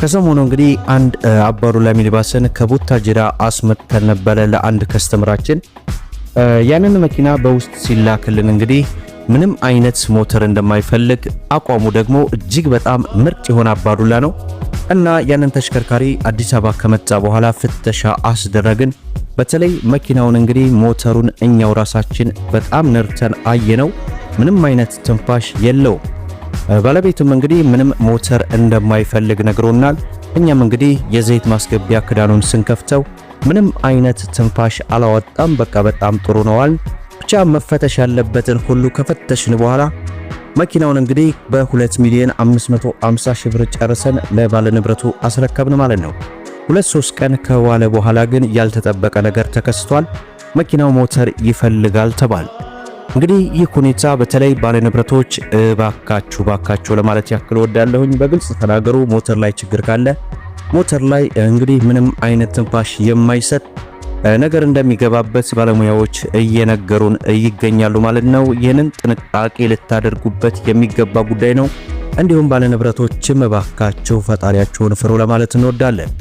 ከሰሞኑ እንግዲህ አንድ አባዱላ ሚኒባስን ከቡታጅራ አስመጥተን ነበረ ለአንድ ከስተምራችን። ያንን መኪና በውስጥ ሲላክልን እንግዲህ ምንም አይነት ሞተር እንደማይፈልግ አቋሙ ደግሞ እጅግ በጣም ምርጥ የሆነ አባዱላ ነው እና ያንን ተሽከርካሪ አዲስ አበባ ከመጣ በኋላ ፍተሻ አስደረግን። በተለይ መኪናውን እንግዲህ ሞተሩን እኛው ራሳችን በጣም ነርተን አየነው። ምንም አይነት ትንፋሽ የለውም። ባለቤቱም እንግዲህ ምንም ሞተር እንደማይፈልግ ነግሮናል። እኛም እንግዲህ የዘይት ማስገቢያ ክዳኑን ስንከፍተው ምንም አይነት ትንፋሽ አላወጣም። በቃ በጣም ጥሩ ነዋል። ብቻ መፈተሽ ያለበትን ሁሉ ከፈተሽን በኋላ መኪናውን እንግዲህ በ2 ሚሊዮን 550 ሺህ ብር ጨርሰን ንብረቱ አስረከብን ማለት ነው። ሁለት ሶስት ቀን ከዋለ በኋላ ግን ያልተጠበቀ ነገር ተከስቷል። መኪናው ሞተር ይፈልጋል ተባል እንግዲህ ይህ ሁኔታ በተለይ ባለንብረቶች እባካችሁ ባካችሁ ለማለት ያክል ወዳለሁኝ በግልጽ ተናገሩ። ሞተር ላይ ችግር ካለ ሞተር ላይ እንግዲህ ምንም አይነት ትንፋሽ የማይሰጥ ነገር እንደሚገባበት ባለሙያዎች እየነገሩን ይገኛሉ ማለት ነው። ይህንን ጥንቃቄ ልታደርጉበት የሚገባ ጉዳይ ነው። እንዲሁም ባለንብረቶችም እባካችሁ ፈጣሪያችሁን ፍሩ ለማለት እንወዳለን።